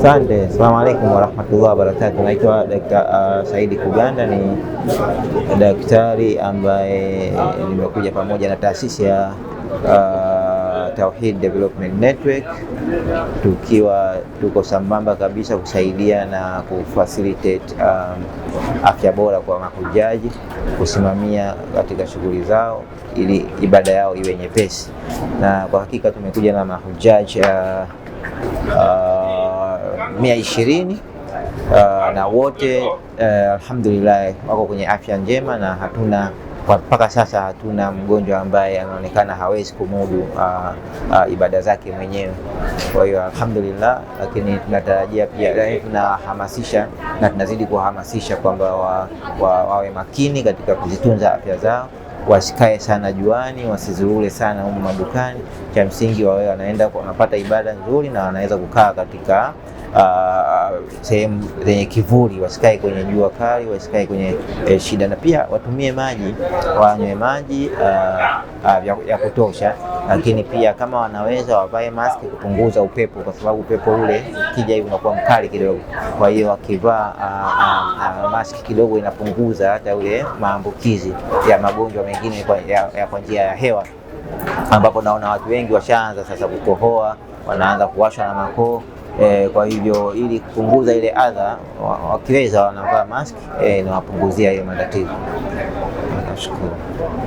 Asante. Asalamu alaikum warahmatullahi wabarakatuh. Naitwa Dr. uh, Saidi Kuganda, ni daktari ambaye nimekuja pamoja na taasisi ya uh, Tauhid Development Network tukiwa tuko sambamba kabisa kusaidia na kufacilitate um, afya bora kwa mahujaji, kusimamia katika shughuli zao ili ibada yao iwe nyepesi, na kwa hakika tumekuja na mahujaji uh, uh, mia ishirini uh, na wote uh, alhamdulillah wako kwenye afya njema na hatuna kwa mpaka sasa hatuna mgonjwa ambaye anaonekana hawezi kumudu ah, ah, ibada zake mwenyewe. Kwa hiyo alhamdulillah, lakini tunatarajia pia, tunahamasisha na tunazidi kuhamasisha kwamba wa, wa, wawe makini katika kuzitunza afya zao, wasikae sana juani, wasizurule sana humu madukani. Cha msingi wawe wanaenda wanapata ibada nzuri na wanaweza kukaa katika Uh, sehemu zenye kivuli, wasikae kwenye jua kali, wasikae kwenye eh, shida, na pia watumie maji, wanywe maji uh, uh, ya kutosha, lakini pia kama wanaweza wavae maski kupunguza upepo, kwa sababu upepo ule ukija hivi unakuwa mkali kidogo. Kwa hiyo wakivaa uh, uh, uh, maski kidogo inapunguza hata ule maambukizi ya magonjwa mengine kwa, ya, ya kwa njia ya hewa ambapo naona watu wengi washaanza sasa kukohoa, wanaanza kuwashwa na makoo. E, kwa hivyo ili kupunguza ile adha Wakiweza wanavaa mask eh, inawapunguzia e, hiyo matatizo. Nashukuru.